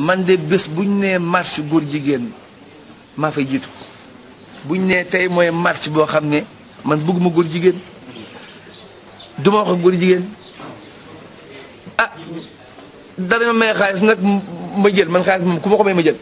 man de bés bu ñu nee marche góor jigéen maa fay jiitu bu ñu nee tey mooy marche boo xam ne man bugguma góor jigéen du ma wax góor jigéen a ah, dara ma may xaalis nag ma jël man xaalis moom ku ma ko may ma jël.